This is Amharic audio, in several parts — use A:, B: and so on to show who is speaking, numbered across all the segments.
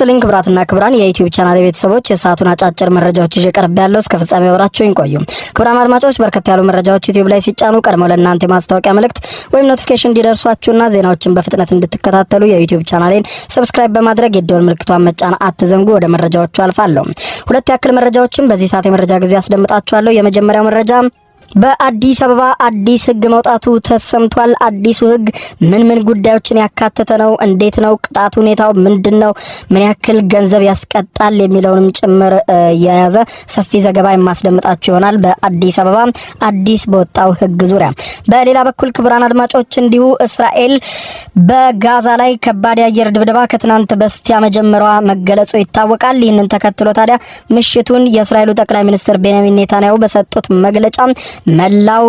A: ስልን ክብራትና ክብራን የዩቲዩብ ቻናል ቤተሰቦች የሰዓቱን አጫጭር መረጃዎች ይዤ ቀርብ ያለው እስከ ፍጻሜ አብራችሁን ቆዩ። ክብራን አድማጮች በርከት ያሉ መረጃዎች ዩቲዩብ ላይ ሲጫኑ ቀድመው ለእናንተ የማስታወቂያ መልእክት ወይም ኖቲፊኬሽን እንዲደርሷችሁና ዜናዎችን በፍጥነት እንድትከታተሉ የዩቲዩብ ቻናሌን ሰብስክራይብ በማድረግ የደወል ምልክቷን መጫን አትዘንጉ። ወደ መረጃዎቹ አልፋለሁ። ሁለት ያክል መረጃዎችን በዚህ ሰዓት የመረጃ ጊዜ አስደምጣችኋለሁ። የመጀመሪያው መረጃ በአዲስ አበባ አዲስ ህግ መውጣቱ ተሰምቷል። አዲሱ ህግ ምን ምን ጉዳዮችን ያካተተ ነው? እንዴት ነው ቅጣቱ? ሁኔታው ምንድን ነው? ምን ያክል ገንዘብ ያስቀጣል? የሚለውንም ጭምር የያዘ ሰፊ ዘገባ የማስደምጣችሁ ይሆናል በአዲስ አበባ አዲስ በወጣው ህግ ዙሪያ። በሌላ በኩል ክቡራን አድማጮች እንዲሁ እስራኤል በጋዛ ላይ ከባድ የአየር ድብደባ ከትናንት በስቲያ መጀመሯ መገለጹ ይታወቃል። ይህንን ተከትሎ ታዲያ ምሽቱን የእስራኤሉ ጠቅላይ ሚኒስትር ቤንያሚን ኔታንያሁ በሰጡት መግለጫ መላው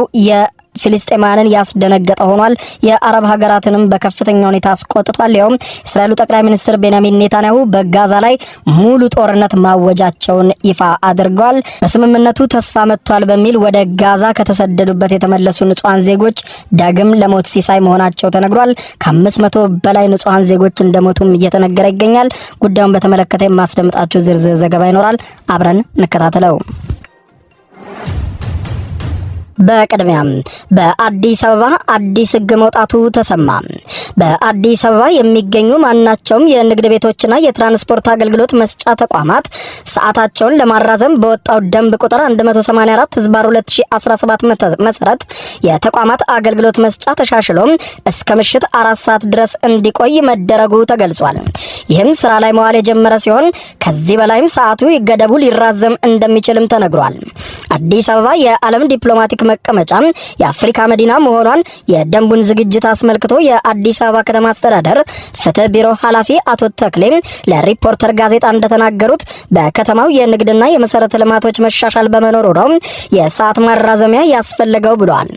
A: ፊልስጤማውያንን ያስደነገጠ ሆኗል። የአረብ ሀገራትንም በከፍተኛ ሁኔታ አስቆጥቷል። ይኸውም እስራኤሉ ጠቅላይ ሚኒስትር ቤንያሚን ኔታንያሁ በጋዛ ላይ ሙሉ ጦርነት ማወጃቸውን ይፋ አድርገዋል። በስምምነቱ ተስፋ መጥቷል በሚል ወደ ጋዛ ከተሰደዱበት የተመለሱ ንጹሐን ዜጎች ዳግም ለሞት ሲሳይ መሆናቸው ተነግሯል። ከአምስት መቶ በላይ ንጹሐን ዜጎች እንደሞቱም እየተነገረ ይገኛል። ጉዳዩን በተመለከተ የማስደምጣቸው ዝርዝር ዘገባ ይኖራል። አብረን እንከታተለው። በቅድሚያም በአዲስ አበባ አዲስ ህግ መውጣቱ ተሰማ። በአዲስ አበባ የሚገኙ ማናቸውም የንግድ ቤቶችና የትራንስፖርት አገልግሎት መስጫ ተቋማት ሰዓታቸውን ለማራዘም በወጣው ደንብ ቁጥር 184 ህዝባር 2017 መሰረት የተቋማት አገልግሎት መስጫ ተሻሽሎ እስከ ምሽት አራት ሰዓት ድረስ እንዲቆይ መደረጉ ተገልጿል። ይህም ስራ ላይ መዋል የጀመረ ሲሆን ከዚህ በላይም ሰዓቱ ገደቡ ሊራዘም እንደሚችልም ተነግሯል። አዲስ አበባ የዓለም ዲፕሎማቲክ መቀመጫ የአፍሪካ መዲና መሆኗን የደንቡን ዝግጅት አስመልክቶ የአዲስ አበባ ከተማ አስተዳደር ፍትህ ቢሮ ኃላፊ አቶ ተክሌ ለሪፖርተር ጋዜጣ እንደተናገሩት በከተማው የንግድና የመሰረተ ልማቶች መሻሻል በመኖሩ ነው የሰዓት ማራዘሚያ ያስፈለገው ብለዋል።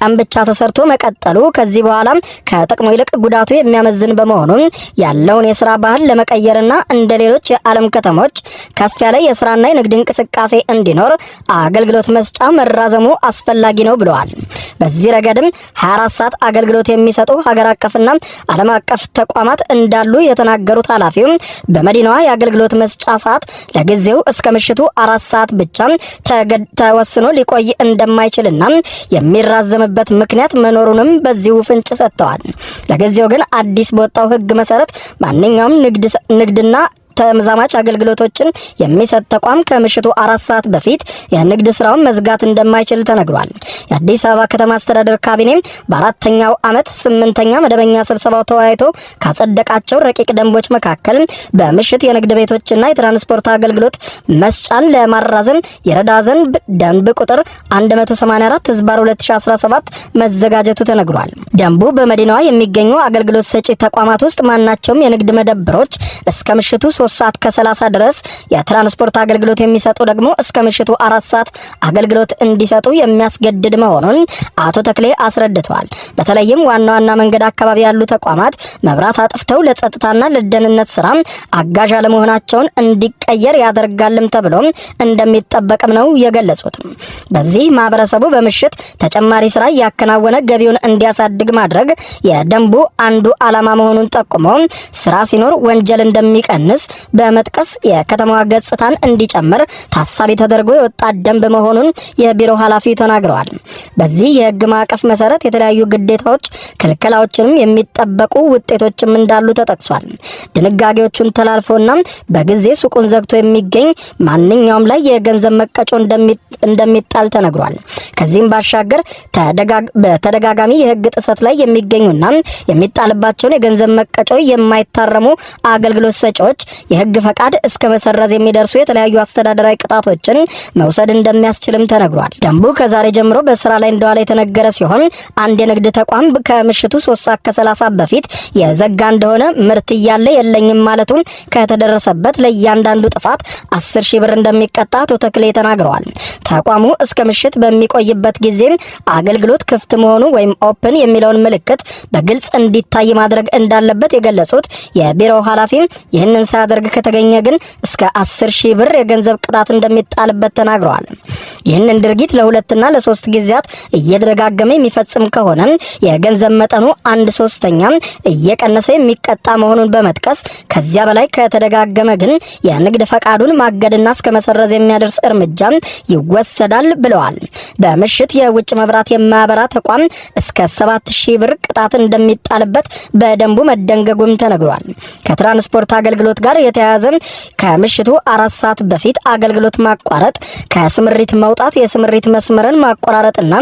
A: ቀን ብቻ ተሰርቶ መቀጠሉ ከዚህ በኋላ ከጥቅሙ ይልቅ ጉዳቱ የሚያመዝን በመሆኑ ያለውን የስራ ባህል ለመቀየርና እንደ ሌሎች የዓለም ከተሞች ከፍ ያለ የስራና የንግድ እንቅስቃሴ እንዲኖር አገልግሎት መስጫ መራዘሙ አስፈ አስፈላጊ ነው ብለዋል። በዚህ ረገድም 24 ሰዓት አገልግሎት የሚሰጡ ሀገር አቀፍና ዓለም አቀፍ ተቋማት እንዳሉ የተናገሩት ኃላፊው በመዲናዋ የአገልግሎት መስጫ ሰዓት ለጊዜው እስከ ምሽቱ አራት ሰዓት ብቻ ተወስኖ ሊቆይ እንደማይችልና የሚራዘምበት ምክንያት መኖሩንም በዚሁ ፍንጭ ሰጥተዋል። ለጊዜው ግን አዲስ በወጣው ሕግ መሰረት ማንኛውም ንግድና ተምዛማጭ አገልግሎቶችን የሚሰጥ ተቋም ከምሽቱ አራት ሰዓት በፊት የንግድ ስራውን መዝጋት እንደማይችል ተነግሯል። የአዲስ አበባ ከተማ አስተዳደር ካቢኔ በአራተኛው ዓመት ስምንተኛ መደበኛ ስብሰባው ተወያይቶ ካጸደቃቸው ረቂቅ ደንቦች መካከል በምሽት የንግድ ቤቶችና የትራንስፖርት አገልግሎት መስጫን ለማራዘም የረዳ ዘንብ ደንብ ቁጥር 184 ህዝባር 2017 መዘጋጀቱ ተነግሯል። ደንቡ በመዲናዋ የሚገኙ አገልግሎት ሰጪ ተቋማት ውስጥ ማናቸውም የንግድ መደብሮች እስከ ምሽቱ ሶስት ሰዓት ከ30 ድረስ የትራንስፖርት አገልግሎት የሚሰጡ ደግሞ እስከ ምሽቱ አራት ሰዓት አገልግሎት እንዲሰጡ የሚያስገድድ መሆኑን አቶ ተክሌ አስረድተዋል። በተለይም ዋና ዋና መንገድ አካባቢ ያሉ ተቋማት መብራት አጥፍተው ለጸጥታና ለደህንነት ስራ አጋዥ አለመሆናቸውን እንዲቀየር ያደርጋልም ተብሎ እንደሚጠበቅም ነው የገለጹት። በዚህ ማህበረሰቡ በምሽት ተጨማሪ ስራ እያከናወነ ገቢውን እንዲያሳድግ ማድረግ የደንቡ አንዱ ዓላማ መሆኑን ጠቁሞ ስራ ሲኖር ወንጀል እንደሚቀንስ በመጥቀስ የከተማዋ ገጽታን እንዲጨምር ታሳቢ ተደርጎ የወጣ ደንብ መሆኑን የቢሮ ኃላፊ ተናግረዋል። በዚህ የህግ ማዕቀፍ መሰረት የተለያዩ ግዴታዎች፣ ክልከላዎችንም የሚጠበቁ ውጤቶችም እንዳሉ ተጠቅሷል። ድንጋጌዎቹን ተላልፎና በጊዜ ሱቁን ዘግቶ የሚገኝ ማንኛውም ላይ የገንዘብ መቀጮ እንደሚጣል ተነግሯል። ከዚህም ባሻገር በተደጋጋሚ የህግ ጥሰት ላይ የሚገኙና የሚጣልባቸውን የገንዘብ መቀጮ የማይታረሙ አገልግሎት ሰጪዎች የህግ ፈቃድ እስከ መሰረዝ የሚደርሱ የተለያዩ አስተዳደራዊ ቅጣቶችን መውሰድ እንደሚያስችልም ተነግሯል። ደንቡ ከዛሬ ጀምሮ በስራ ላይ እንደዋለ የተነገረ ሲሆን አንድ የንግድ ተቋም ከምሽቱ ሶስት ሰዓት ከሰላሳ በፊት የዘጋ እንደሆነ ምርት እያለ የለኝም ማለቱም ከተደረሰበት ለእያንዳንዱ ጥፋት አስር ሺህ ብር እንደሚቀጣ አቶ ተክሌ ተናግረዋል። ተቋሙ እስከ ምሽት በሚቆይበት ጊዜ አገልግሎት ክፍት መሆኑ ወይም ኦፕን የሚለውን ምልክት በግልጽ እንዲታይ ማድረግ እንዳለበት የገለጹት የቢሮው ኃላፊ ይህንን ሳያደርግ ከተገኘ ግን እስከ 10 ሺህ ብር የገንዘብ ቅጣት እንደሚጣልበት ተናግረዋል። ይህንን ድርጊት ለሁለትና ለሶስት ጊዜያት እየተደጋገመ የሚፈጽም ከሆነ የገንዘብ መጠኑ አንድ ሶስተኛ እየቀነሰ የሚቀጣ መሆኑን በመጥቀስ ከዚያ በላይ ከተደጋገመ ግን የንግድ ፈቃዱን ማገድና እስከ መሰረዝ የሚያደርስ እርምጃ ይወሰዳል ብለዋል። በምሽት የውጭ መብራት የማያበራ ተቋም እስከ 7000 ብር ቅጣት እንደሚጣልበት በደንቡ መደንገጉም ተነግሯል። ከትራንስፖርት አገልግሎት ጋር የተያያዘ ከምሽቱ አራት ሰዓት በፊት አገልግሎት ማቋረጥ ከስምሪት መውጣት ማውጣት፣ የስምሪት መስመርን ማቆራረጥና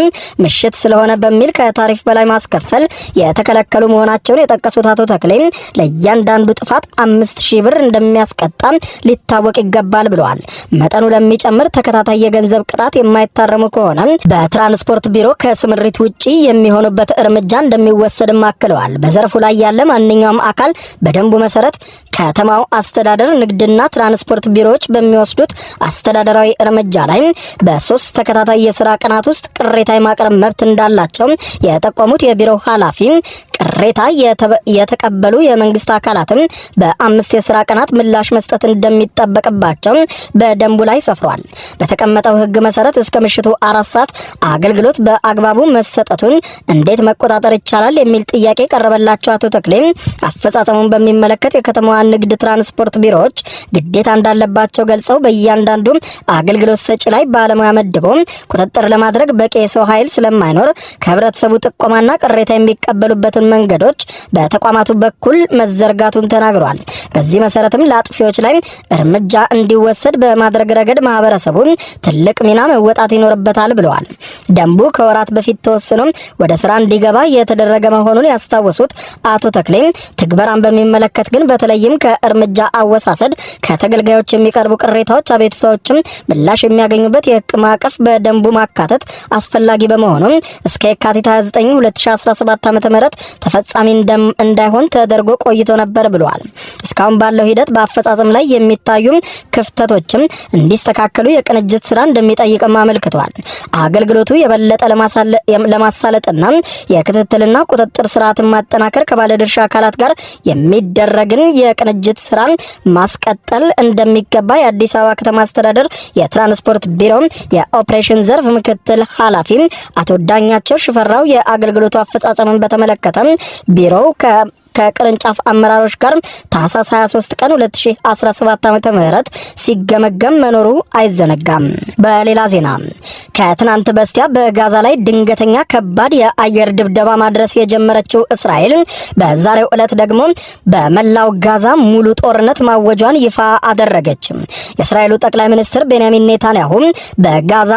A: ምሽት ስለሆነ በሚል ከታሪፍ በላይ ማስከፈል የተከለከሉ መሆናቸውን የጠቀሱት አቶ ተክሌ ለእያንዳንዱ ጥፋት አምስት ሺህ ብር እንደሚያስቀጣ ሊታወቅ ይገባል ብለዋል። መጠኑ ለሚጨምር ተከታታይ የገንዘብ ቅጣት የማይታረሙ ከሆነ በትራንስፖርት ቢሮ ከስምሪት ውጪ የሚሆኑበት እርምጃ እንደሚወሰድም አክለዋል። በዘርፉ ላይ ያለ ማንኛውም አካል በደንቡ መሰረት ከተማው አስተዳደር ንግድና ትራንስፖርት ቢሮዎች በሚወስዱት አስተዳደራዊ እርምጃ ላይ በሶስት ተከታታይ የስራ ቀናት ውስጥ ቅሬታ የማቅረብ መብት እንዳላቸው የጠቆሙት የቢሮው ኃላፊ ቅሬታ የተቀበሉ የመንግስት አካላትም በአምስት የስራ ቀናት ምላሽ መስጠት እንደሚጠበቅባቸው በደንቡ ላይ ሰፍሯል። በተቀመጠው ህግ መሰረት እስከ ምሽቱ አራት ሰዓት አገልግሎት በአግባቡ መሰጠቱን እንዴት መቆጣጠር ይቻላል የሚል ጥያቄ ቀረበላቸው። አቶ ተክሌም አፈጻጸሙን በሚመለከት የከተማዋ ንግድ ትራንስፖርት ቢሮዎች ግዴታ እንዳለባቸው ገልጸው በእያንዳንዱ አገልግሎት ሰጪ ላይ ባለሙያ መድቦ ቁጥጥር ለማድረግ በቂ የሰው ኃይል ስለማይኖር ከህብረተሰቡ ጥቆማና ቅሬታ የሚቀበሉበትን መንገዶች በተቋማቱ በኩል መዘርጋቱን ተናግሯል። በዚህ መሰረትም ለአጥፊዎች ላይ እርምጃ እንዲወሰድ በማድረግ ረገድ ማህበረሰቡን ትልቅ ሚና መወጣት ይኖርበታል ብለዋል። ደንቡ ከወራት በፊት ተወስኖ ወደ ስራ እንዲገባ የተደረገ መሆኑን ያስታወሱት አቶ ተክሌ ትግበራን በሚመለከት ግን በተለይም ከእርምጃ አወሳሰድ ከተገልጋዮች የሚቀርቡ ቅሬታዎች፣ አቤቱታዎችም ምላሽ የሚያገኙበት የህግ ማዕቀፍ በደንቡ ማካተት አስፈላጊ በመሆኑ እስከ የካቲት 29 2017 ዓ.ም ተፈጻሚ እንዳይሆን ተደርጎ ቆይቶ ነበር ብለዋል። እስካሁን ባለው ሂደት በአፈጻጸም ላይ የሚታዩ ክፍተቶችም እንዲስተካከሉ የቅንጅት ስራ እንደሚጠይቅም አመልክቷል። አገልግሎቱ የበለጠ ለማሳለጥና የክትትልና ቁጥጥር ስርዓትን ማጠናከር ከባለድርሻ አካላት ጋር የሚደረግን የቅንጅት ስራን ማስቀጠል እንደሚገባ የአዲስ አበባ ከተማ አስተዳደር የትራንስፖርት ቢሮ የኦፕሬሽን ዘርፍ ምክትል ኃላፊ አቶ ዳኛቸው ሽፈራው የአገልግሎቱ አፈጻጸምን በተመለከተ ቢሮው ከቅርንጫፍ አመራሮች ጋር ታህሳስ 23 ቀን 2017 ዓ.ም ምህረት ሲገመገም መኖሩ አይዘነጋም። በሌላ ዜና ከትናንት በስቲያ በጋዛ ላይ ድንገተኛ ከባድ የአየር ድብደባ ማድረስ የጀመረችው እስራኤል በዛሬው ዕለት ደግሞ በመላው ጋዛ ሙሉ ጦርነት ማወጇን ይፋ አደረገች። የእስራኤሉ ጠቅላይ ሚኒስትር ቤንያሚን ኔታንያሁ በጋዛ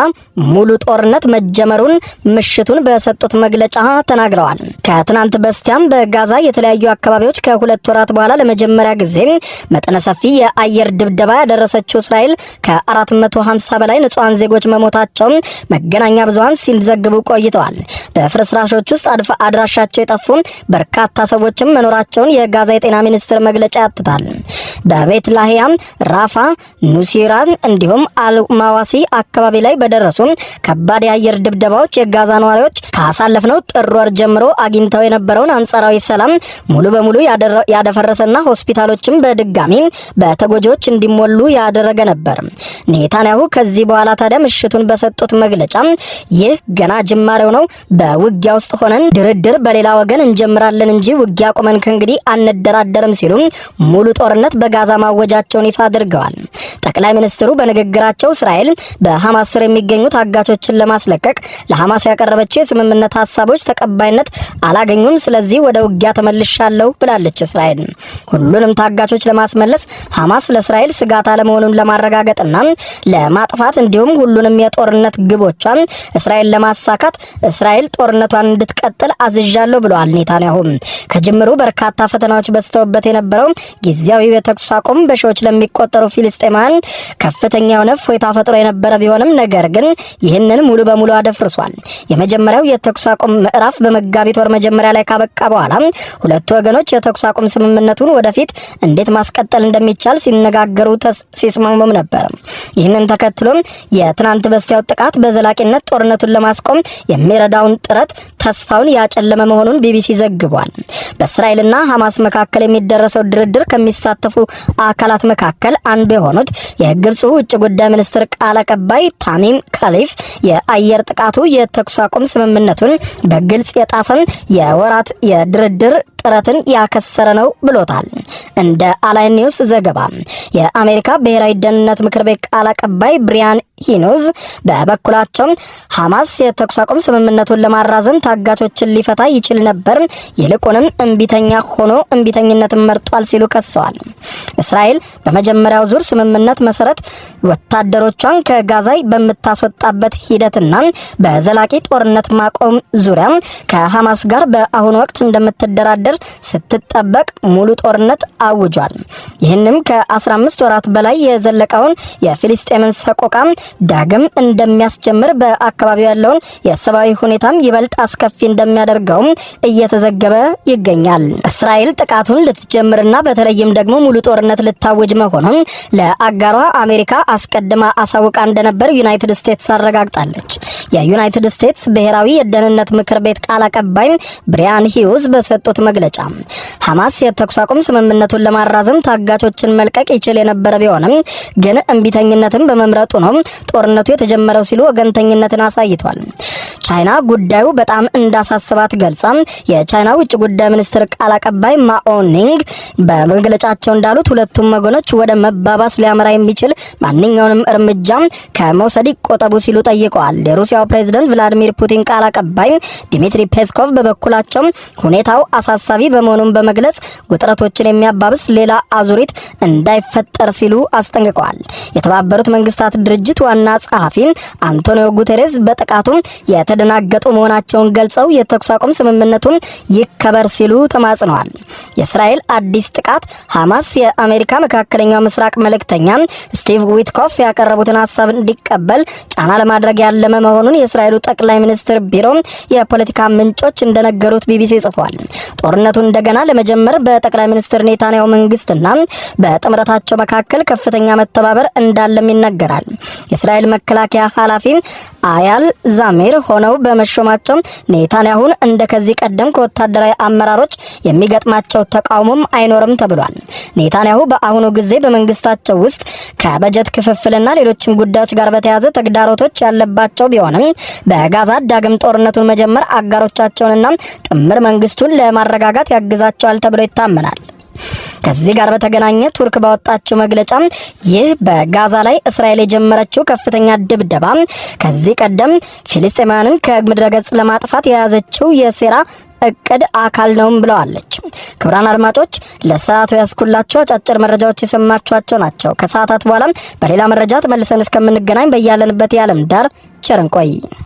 A: ሙሉ ጦርነት መጀመሩን ምሽቱን በሰጡት መግለጫ ተናግረዋል። ከትናንት በስቲያም በጋዛ የተለያዩ አካባቢዎች ከሁለት ወራት በኋላ ለመጀመሪያ ጊዜ መጠነ ሰፊ የአየር ድብደባ ያደረሰችው እስራኤል ከ450 በላይ ንጹሐን ዜጎች መሞታቸው መገናኛ ብዙኃን ሲዘግቡ ቆይተዋል። በፍርስራሾች ውስጥ አድራሻቸው የጠፉ በርካታ ሰዎችም መኖራቸውን የጋዛ የጤና ሚኒስቴር መግለጫ ያትታል። በቤት ላህያም፣ ራፋ፣ ኑሲራ እንዲሁም አልማዋሲ አካባቢ ላይ በደረሱ ከባድ የአየር ድብደባዎች የጋዛ ነዋሪዎች ካሳለፍነው ጥር ወር ጀምሮ አግኝተው የነበረውን አንጻራዊ ሰላም ሙሉ በሙሉ ያደፈረሰና ሆስፒታሎችም በድጋሚ በተጎጂዎች እንዲሞሉ ያደረገ ነበር። ኔታንያሁ ከዚህ በኋላ ታዲያ ምሽቱን በሰጡት መግለጫ ይህ ገና ጅማሬው ነው፣ በውጊያ ውስጥ ሆነን ድርድር በሌላ ወገን እንጀምራለን እንጂ ውጊያ ቁመን ከእንግዲህ አንደራደርም ሲሉ ሙሉ ጦርነት በጋዛ ማወጃቸውን ይፋ አድርገዋል። ጠቅላይ ሚኒስትሩ በንግግራቸው እስራኤል በሐማስ ስር የሚገኙ ታጋቾችን ለማስለቀቅ ለሐማስ ያቀረበችው የስምምነት ሀሳቦች ተቀባይነት አላገኙም፣ ስለዚህ ወደ ውጊያ ተመልሻል እችላለሁ ብላለች እስራኤል። ሁሉንም ታጋቾች ለማስመለስ ሐማስ ለእስራኤል ስጋት አለመሆኑን ለማረጋገጥና ለማጥፋት እንዲሁም ሁሉንም የጦርነት ግቦቿን እስራኤል ለማሳካት እስራኤል ጦርነቷን እንድትቀጥል አዝዣለሁ ብለዋል ኔታንያሁ። ከጅምሩ በርካታ ፈተናዎች በስተውበት የነበረው ጊዜያዊ የተኩስ አቁም በሺዎች ለሚቆጠሩ ፊልስጤማን ከፍተኛ የሆነ እፎይታ ፈጥሮ የነበረ ቢሆንም ነገር ግን ይህንን ሙሉ በሙሉ አደፍርሷል። የመጀመሪያው የተኩስ አቁም ምዕራፍ በመጋቢት ወር መጀመሪያ ላይ ካበቃ በኋላ ሁለቱ ወገኖች የተኩስ አቁም ስምምነቱን ወደፊት እንዴት ማስቀጠል እንደሚቻል ሲነጋገሩ ሲስማሙም ነበር። ይህንን ተከትሎም የትናንት በስቲያው ጥቃት በዘላቂነት ጦርነቱን ለማስቆም የሚረዳውን ጥረት ተስፋውን ያጨለመ መሆኑን ቢቢሲ ዘግቧል። በእስራኤልና ሐማስ መካከል የሚደረሰው ድርድር ከሚሳተፉ አካላት መካከል አንዱ የሆኑት የግብፁ ውጭ ጉዳይ ሚኒስትር ቃል አቀባይ ታሚም ካሊፍ የአየር ጥቃቱ የተኩስ አቁም ስምምነቱን በግልጽ የጣሰን የወራት የድርድር ጥረትን ያከሰረ ነው ብሎታል። እንደ አላይን ኒውስ ዘገባ የአሜሪካ ብሔራዊ ደህንነት ምክር ቤት ቃል አቀባይ ብሪያን ሂኖዝ በበኩላቸው ሐማስ የተኩስ አቁም ስምምነቱን ለማራዘም ታጋቾችን ሊፈታ ይችል ነበር፣ ይልቁንም እምቢተኛ ሆኖ እምቢተኝነትን መርጧል ሲሉ ከሰዋል። እስራኤል በመጀመሪያው ዙር ስምምነት መሰረት ወታደሮቿን ከጋዛ በምታስወጣበት ሂደትና በዘላቂ ጦርነት ማቆም ዙሪያ ከሐማስ ጋር በአሁኑ ወቅት እንደምትደራደር ስትጠበቅ ሙሉ ጦርነት አውጇል። ይህንም ከ15 ወራት በላይ የዘለቀውን የፊሊስጤምን ሰቆቃ ዳግም እንደሚያስጀምር በአካባቢው ያለውን የሰብአዊ ሁኔታም ይበልጥ አስ አስከፊ እንደሚያደርገውም እየተዘገበ ይገኛል። እስራኤል ጥቃቱን ልትጀምርና በተለይም ደግሞ ሙሉ ጦርነት ልታወጅ መሆኑን ለአጋሯ አሜሪካ አስቀድማ አሳውቃ እንደነበር ዩናይትድ ስቴትስ አረጋግጣለች። የዩናይትድ ስቴትስ ብሔራዊ የደህንነት ምክር ቤት ቃል አቀባይ ብሪያን ሂውዝ በሰጡት መግለጫ ሐማስ የተኩስ አቁም ስምምነቱን ለማራዘም ታጋቾችን መልቀቅ ይችል የነበረ ቢሆንም ግን እምቢተኝነትን በመምረጡ ነው ጦርነቱ የተጀመረው ሲሉ ወገንተኝነትን አሳይቷል። ቻይና ጉዳዩ በጣም እንዳሳስባት ገልጻ የቻይና ውጭ ጉዳይ ሚኒስትር ቃል አቀባይ ማኦኒንግ በመግለጫቸው እንዳሉት ሁለቱም ወገኖች ወደ መባባስ ሊያመራ የሚችል ማንኛውንም እርምጃ ከመውሰድ ይቆጠቡ ሲሉ ጠይቀዋል። የሩሲያው ፕሬዝደንት ቭላዲሚር ፑቲን ቃል አቀባይ ዲሚትሪ ፔስኮቭ በበኩላቸው ሁኔታው አሳሳቢ በመሆኑን በመግለጽ ውጥረቶችን የሚያባብስ ሌላ አዙሪት እንዳይፈጠር ሲሉ አስጠንቅቀዋል። የተባበሩት መንግስታት ድርጅት ዋና ጸሐፊ አንቶኒዮ ጉቴሬስ በጥቃቱ የተደናገጡ መሆናቸውን ገልጸው የተኩስ አቁም ስምምነቱን ይከበር ሲሉ ተማጽነዋል። የእስራኤል አዲስ ጥቃት ሐማስ የአሜሪካ መካከለኛው ምስራቅ መልእክተኛ ስቲቭ ዊትኮፍ ያቀረቡትን ሀሳብ እንዲቀበል ጫና ለማድረግ ያለመ መሆኑን የእስራኤሉ ጠቅላይ ሚኒስትር ቢሮ የፖለቲካ ምንጮች እንደነገሩት ቢቢሲ ጽፏል። ጦርነቱ እንደገና ለመጀመር በጠቅላይ ሚኒስትር ኔታንያሁ መንግስትና በጥምረታቸው መካከል ከፍተኛ መተባበር እንዳለም ይነገራል። የእስራኤል መከላከያ ኃላፊ አያል ዛሚር ሆነው በመሾማቸው ኔታንያሁን እንደ ከዚህ ቀደም ከወታደራዊ አመራሮች የሚገጥማቸው ተቃውሞም አይኖርም ተብሏል። ኔታንያሁ በአሁኑ ጊዜ በመንግስታቸው ውስጥ ከበጀት ክፍፍልና ሌሎችም ጉዳዮች ጋር በተያያዘ ተግዳሮቶች ያለባቸው ቢሆንም በጋዛ ዳግም ጦርነቱን መጀመር አጋሮቻቸውንና ጥምር መንግስቱን ለማረጋጋት ያግዛቸዋል ተብሎ ይታመናል። ከዚህ ጋር በተገናኘ ቱርክ ባወጣችው መግለጫ ይህ በጋዛ ላይ እስራኤል የጀመረችው ከፍተኛ ድብደባ ከዚህ ቀደም ፊልስጤማውያንን ከምድረ ገጽ ለማጥፋት የያዘችው የሴራ እቅድ አካል ነውም ብለዋለች። ክቡራን አድማጮች ለሰዓቱ ያስኩላቸው አጫጭር መረጃዎች የሰማችኋቸው ናቸው። ከሰዓታት በኋላ በሌላ መረጃ ተመልሰን እስከምንገናኝ በያለንበት የዓለም ዳር ቸር